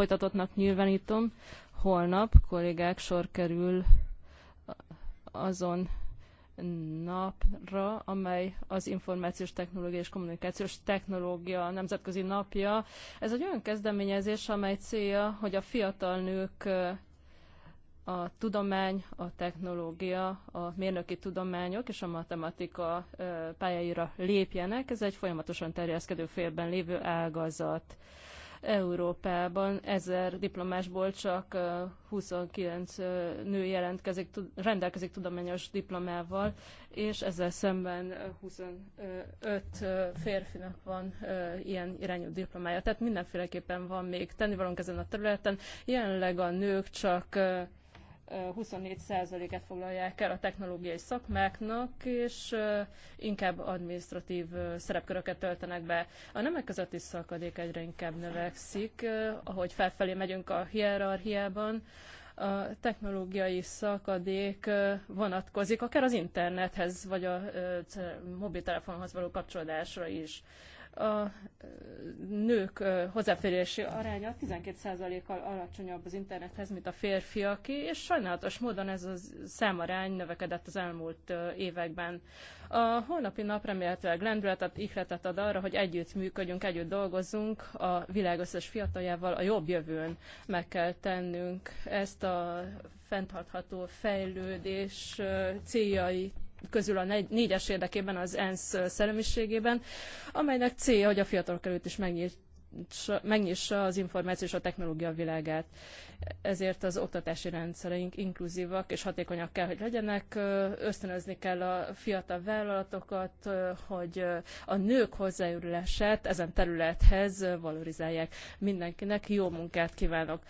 folytatottnak nyilvánítom. Holnap, kollégák, sor kerül azon napra, amely az információs technológia és kommunikációs technológia nemzetközi napja. Ez egy olyan kezdeményezés, amely célja, hogy a fiatal nők a tudomány, a technológia, a mérnöki tudományok és a matematika pályáira lépjenek. Ez egy folyamatosan terjeszkedő félben lévő ágazat. Európában ezer diplomásból csak 29 nő jelentkezik, rendelkezik tudományos diplomával, és ezzel szemben 25 férfinak van ilyen irányú diplomája. Tehát mindenféleképpen van még tennivalónk ezen a területen. Jelenleg a nők csak 24%-et foglalják el a technológiai szakmáknak, és inkább administratív szerepköröket töltenek be. A nemek közötti szakadék egyre inkább növekszik, ahogy felfelé megyünk a hierarchiában a technológiai szakadék vonatkozik akár az internethez, vagy a mobiltelefonhoz való kapcsolódásra is. A hozzáférési aránya 12%-kal alacsonyabb az internethez, mint a férfiaké, és sajnálatos módon ez a számarány növekedett az elmúlt években. A holnapi nap remélhetőleg lendületet, ihletet ad arra, hogy együtt működjünk, együtt dolgozzunk a világ összes fiataljával, a jobb jövőn meg kell tennünk ezt a fenntartható fejlődés céljai közül a négyes érdekében az ENSZ szellemiségében, amelynek célja, hogy a fiatalok előtt is megnyit, megnyissa az információ és a technológia világát. Ezért az oktatási rendszereink inkluzívak és hatékonyak kell, hogy legyenek. Ösztönözni kell a fiatal vállalatokat, hogy a nők hozzájárulását ezen területhez valorizálják. Mindenkinek jó munkát kívánok.